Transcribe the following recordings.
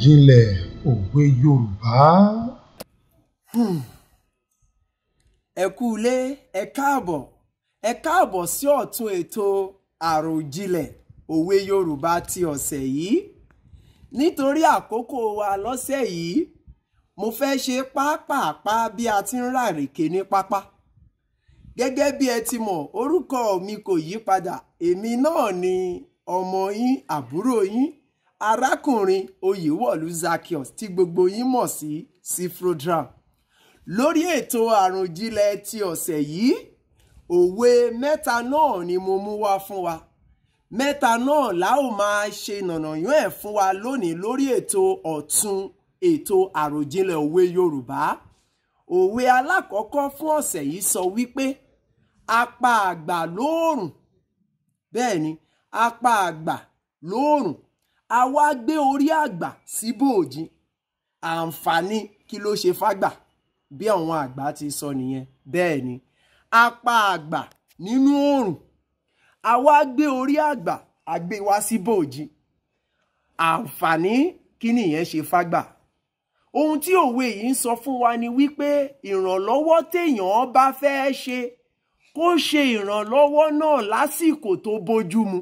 àròjinlẹ̀ òwe Yorùbá. Hmm. ẹ kú ilé ẹ káàbọ̀ ẹ káàbọ̀ sí ọ̀tún ètò àròjinlẹ̀ òwe Yorùbá ti ọ̀sẹ̀ yìí nítorí àkókò wa lọ́sẹ̀ yìí mo fẹ́ ṣe pápápá bí a ti ń ràrìkè ní pápá gẹ́gẹ́ bí ẹ ti mọ̀ orúkọ mi kò yí padà èmi náà ni ọmọ yín àbúrò yín arákùnrin oyèwọ̀lú zakios tí gbogbo yín mọ̀ sí cifrodram lórí ètò àròjinlẹ̀ ti ọ̀sẹ̀ yìí òwe mẹ́ta náà ni mo mú wá fún wa mẹ́ta náà la ó máa ṣe nànàyàn ẹ̀ fún wa lónìí lórí ètò ọ̀tún ètò àròjinlẹ̀ òwe yorùbá òwe alákọ̀ọ́kọ́ fún ọ̀sẹ̀ yìí sọ wípé apá àgbà lóòrùn bẹ́ẹ̀ ni apá àgbà lóòrùn àwa gbé orí àgbà síbò òjì àǹfààní kí ló ṣe fágbà bí àwọn àgbà ti sọ nìyẹn bẹ́ẹ̀ ni apá àgbà nínú oòrùn àwa gbé orí àgbà àgbé wá síbò òjì àǹfààní kí nìyẹn ṣe fágbà ohun tí òwe yìí ń sọ fún wa ni wípé ìrànlọ́wọ́ téèyàn bá fẹ́ ṣe kó ṣe ìrànlọ́wọ́ náà lásìkò tó bójú mu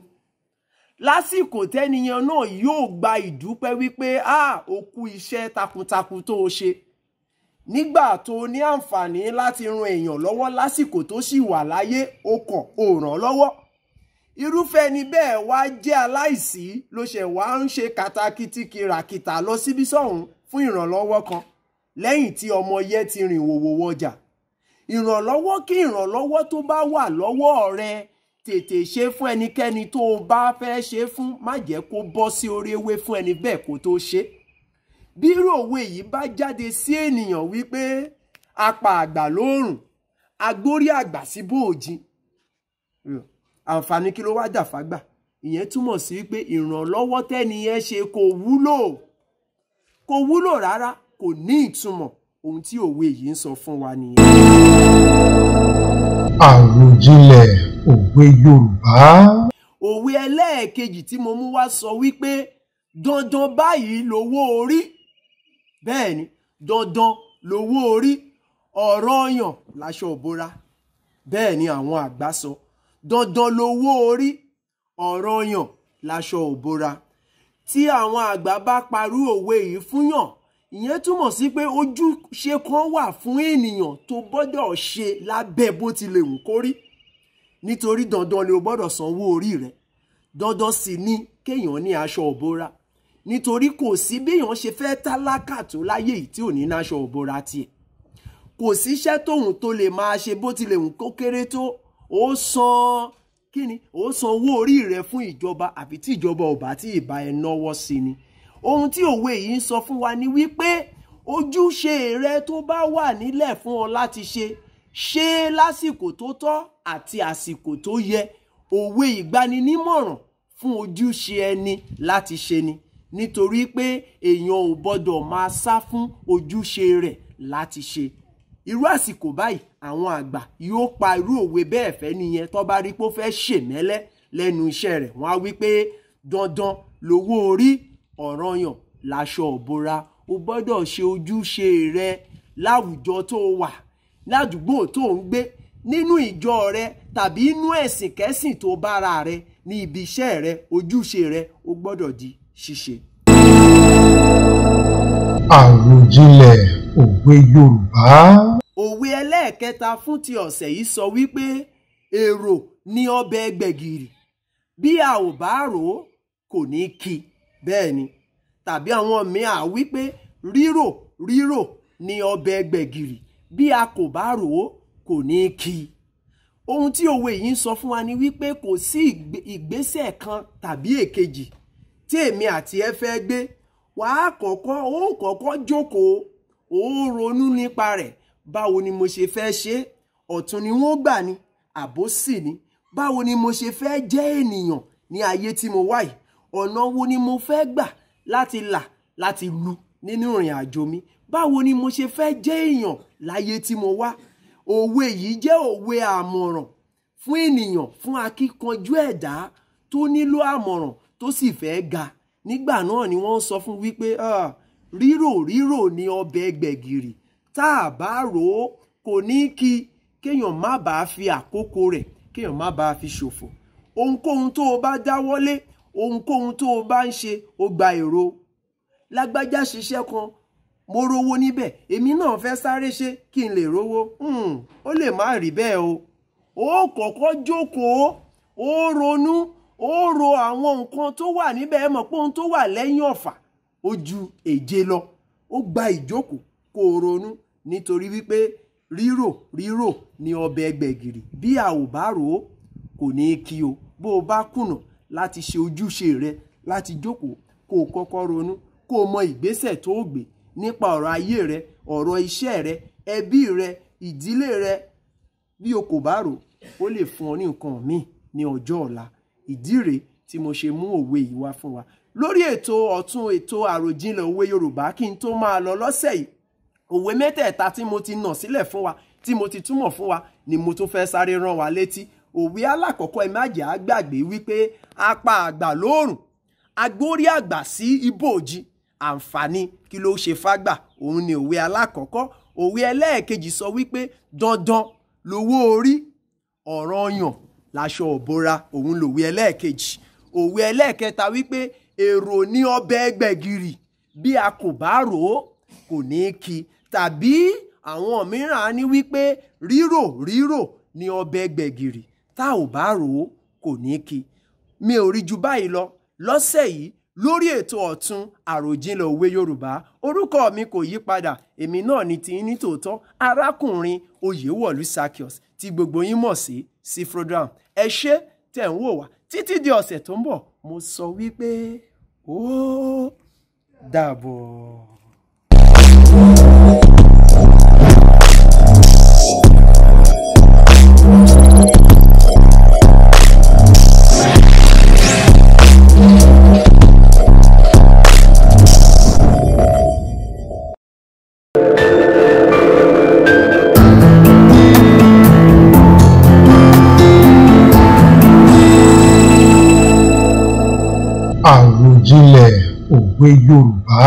lásìkò tẹ́niyàn náà yóò gba ìdúpẹ́ wípé a ah, ò kú takuntakun tó o ṣe nígbà tó o ní àǹfààní láti ran èèyàn lọ́wọ́ lásìkò tó sì wà láyé o kàn ò ràn lọ́wọ́ irúfẹ́ ni bẹ́ẹ̀ wá jẹ́ aláìsí ló ṣe wá ń ṣe katakiti kìràkìtà lọ síbi sọ́hún fún ìrànlọ́wọ́ kan lẹ́yìn tí ọmọ yẹ ti rìn wòwò wọjà ìrànlọ́wọ́ kí ìrànlọ́wọ́ tó bá wà lọ́wọ́ rẹ tètè ṣe fún ẹnikẹ́ni tó o bá fẹ́ ṣe fún má jẹ́ kó bọ́ sí orí ewé fún ẹni bẹ́ẹ̀ kó tó ṣe. bí irú òwe yìí bá jáde sí ènìyàn wípé apá àgbà lóòrùn agbórí àgbà sí bòòjì àǹfààní kí ló wá dà fágbà ìyẹn túmọ̀ sí wípé ìrànlọ́wọ́ tẹ́ni yẹn ṣe kò wúlò kò wúlò rárá kò ní ìtumọ̀ ohun tí òwe yìí ń sọ fún wa nìyẹn. àròjinlẹ̀ òwe yorùbá. òwe ẹlẹ́ẹ̀kejì tí mo mú wá sọ wípé dandan báyìí lówó orí bẹ́ẹ̀ ni dandan lówó orí ọ̀rọ̀ ọyàn láṣọ òbora bẹ́ẹ̀ ni àwọn àgbà sọ dandan lówó orí ọ̀rọ̀ ọyàn láṣọ òbora tí àwọn àgbà bá parú òwe yìí fúnyàn ìyẹn túmọ̀ sí pé ojúṣe kan wà fún ènìyàn tó gbọ́dọ̀ ṣe lábẹ́ bó tilẹ̀ wù kó nítorí dandan ni o gbọ́dọ̀ sanwó orí rẹ dandan sì ni kéèyàn ní aṣọ òbora nítorí kò sí béèyàn ṣe fẹ́ tálákà tó láyé yìí tí ò ní náṣọ òbora tiẹ̀ kò síṣẹ́ tóun tó lè máa ṣe bó tilẹ̀ hùn kó kéré tó ó san kíni ó san owó orí rẹ fún ìjọba àfi tí ìjọba ò bá tí ìbá ẹ náwó sí ni ohun tí òwe yìí ń sọ fún wa ni wípé ojúṣe rẹ tó bá wà nílẹ̀ fún ọ láti ṣe ṣe é lásìkò tó tọ́ àti àsìkò tó yẹ òwe ìgbaninímọ̀ràn fún ojúṣe ẹni láti ṣe ni nítorí pé èèyàn ò gbọ́dọ̀ máa sá fún ojúṣe rẹ̀ láti ṣe irú àsìkò báyìí àwọn àgbà yóò pa irú òwe bẹ́ẹ̀ fẹ́ nìyẹn tó bá rí pé ó fẹ́ ṣèmẹ́lẹ́ lẹ́nu iṣẹ́ rẹ̀ wọ́n á wí pé dandan lówó orí ọ̀ranyàn láṣọ òbora o gbọ́dọ̀ ṣe ojúṣe rẹ láwùjọ tó wà ládùúgbò tó ń gbé nínú ìjọ rẹ tàbí inú ẹ̀sìn kẹ́sìn tó bára rẹ ní ibi iṣẹ́ rẹ ojúṣe rẹ ó gbọ́dọ̀ di ṣíṣe. àròjinlẹ̀ òwe Yorùbá. òwe ẹlẹ́ẹ̀kẹta fún ti ọ̀sẹ̀ yìí sọ wípé èrò ni ọbẹ̀ gbẹ̀gìrì bí a ò bá rò ó kò ní kí bẹ́ẹ̀ ni tàbí àwọn míì á wípé rírò rírò ni ọbẹ̀ gbẹ̀gìrì bí a kò bá rò ó kò ní í kí i ohun tí òwe yìí ń sọ fún wa ni wípé kò sí ìgbésẹ̀ kan tàbí èkejì tí èmi àti ẹ fẹ́ gbé wàá kọ́kọ́ ó kọ́kọ́ jókòó ó ronú nípa rẹ̀ báwo ni mo ṣe fẹ́ ṣe ọ̀tún ni wọ́n gbà ni àbòsí ni báwo ni mo ṣe fẹ́ jẹ́ ènìyàn ní ayé tí mo wáyìí ọ̀nà wo ni mo fẹ́ gbà láti là láti lu nínú ìrìn àjò mi báwo ni mo ṣe fẹ́ jẹ́ èèyàn láyé tí mo wá òwe yìí jẹ́ òwe àmọ̀ràn fún ènìyàn fún akíkanjú ẹ̀dá tó nílò àmọ̀ràn tó sì fẹ́ ga nígbà náà ni wọ́n sọ fún wípé rírò rírò ni ọbẹ̀ gbẹ̀gìrì tá a bá rò ó kò ní kí kéèyàn má bàa fi àkókò rẹ̀ kéèyàn má bàa fi ṣòfò ohunkóhun tó o bá dáwọ́lé ohunkóhun tó o bá ń ṣe o gba èrò lágbájá ṣiṣẹ́ kan mo rówó níbẹ̀ èmi náà fẹ́ sáré ṣe kí n lè rówó hmm, ó lè má rí bẹ́ẹ̀ o ó kọ́kọ́ jókòó ó ronú ó ro àwọn nǹkan tó wà níbẹ̀ ẹ mọ̀ pé ohun tó wà lẹ́yìn ọ̀fà ó ju èje lọ ó gba ìjókòó kó ronú nítorí wípé rírò rírò ni ọbẹ̀ gbẹ̀gìrì bí a ò bá rò ó kò ní í kí o bó o bá kùnà láti ṣe ojúṣe rẹ láti jókòó kó kọ́kọ́ ronú kó mọ ìgbésẹ̀ tó o nípa ọ̀rọ̀ ayé rẹ ọ̀rọ̀ iṣẹ́ rẹ ẹbí rẹ ìdílé rẹ bí o kò bá rò ó lè fún ọ ní nǹkan míì ní ọjọ́ ọ̀la ìdí rèé tí mo ṣe mú òwe yìí wá fún wa lórí ètò ọ̀tún ètò àròjinlẹ̀ òwe Yorùbá kí n tó máa lọ lọ́sẹ̀ yìí òwe mẹ́tẹ̀ẹ̀ta tí mo ti nà sílẹ̀ fún wa tí mo ti túmọ̀ fún wa ni mo tún fẹ́ sáré rán wa létí òwe alákọ̀ọ́kọ́ ẹ má jẹ́ á gbàgbé wípé apá àgbà lóòrùn agbórí àgbà sí ibòji àǹfààní kí ló ṣe fágbà òun ni òwe alákọ̀ọ́kọ́ òwe ẹlẹ́ẹ̀kejì sọ wípé dandan lowó orí ọ̀ranyàn láṣọ òbora òun lòwe ẹlẹ́ẹ̀kejì òwe ẹlẹ́ẹ̀kẹta wípé èrò ní ọbẹ̀ gbẹ̀gìrì bí a kò bá rò ó kò ní kí tàbí àwọn mìíràn á wípé rírò rírò ní ọbẹ̀ gbẹ̀gìrì tá ò bá rò ó kò ní kí mi ò rí ju báyìí lọ lọ́sẹ̀ yìí lórí ètò ọ̀tún àròjinlẹ̀ òwe yorùbá orúkọ mi kò yí padà èmi náà ni ti ní tòótọ́ arákùnrin oyèwọ̀lú sakios tí gbogbo yín mọ̀ sí cfrodram ẹ ṣé tẹ̀ ń wò wá títí di ọ̀sẹ̀ tó ń bọ̀ mo sọ wípé ó dàbọ̀. òwe Yorùbá.